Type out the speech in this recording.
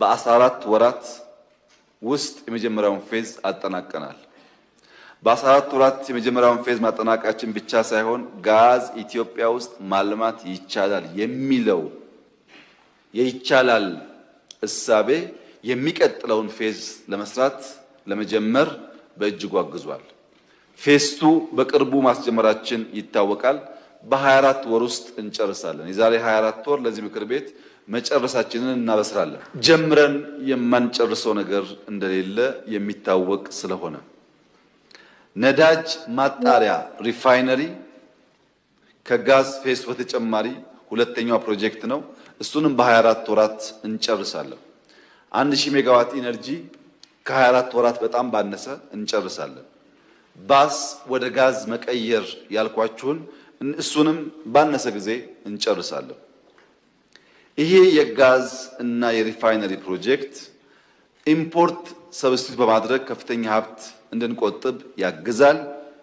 በአስራ አራት ወራት ውስጥ የመጀመሪያውን ፌዝ አጠናቀናል። በአስራ አራት ወራት የመጀመሪያውን ፌዝ ማጠናቃችን ብቻ ሳይሆን ጋዝ ኢትዮጵያ ውስጥ ማልማት ይቻላል የሚለው የይቻላል እሳቤ የሚቀጥለውን ፌዝ ለመስራት ለመጀመር በእጅጉ አግዟል። ፌስቱ በቅርቡ ማስጀመራችን ይታወቃል። በ24 ወር ውስጥ እንጨርሳለን። የዛሬ 24 ወር ለዚህ ምክር ቤት መጨረሳችንን እናበስራለን። ጀምረን የማንጨርሰው ነገር እንደሌለ የሚታወቅ ስለሆነ ነዳጅ ማጣሪያ ሪፋይነሪ ከጋዝ ፌስ በተጨማሪ ሁለተኛው ፕሮጀክት ነው። እሱንም በ24 ወራት እንጨርሳለን። አንድ ሺህ ሜጋዋት ኢነርጂ ከ24 ወራት በጣም ባነሰ እንጨርሳለን። ባስ ወደ ጋዝ መቀየር ያልኳችሁን እሱንም ባነሰ ጊዜ እንጨርሳለን። ይሄ የጋዝ እና የሪፋይነሪ ፕሮጀክት ኢምፖርት ሰብስቲት በማድረግ ከፍተኛ ሀብት እንድንቆጥብ ያግዛል።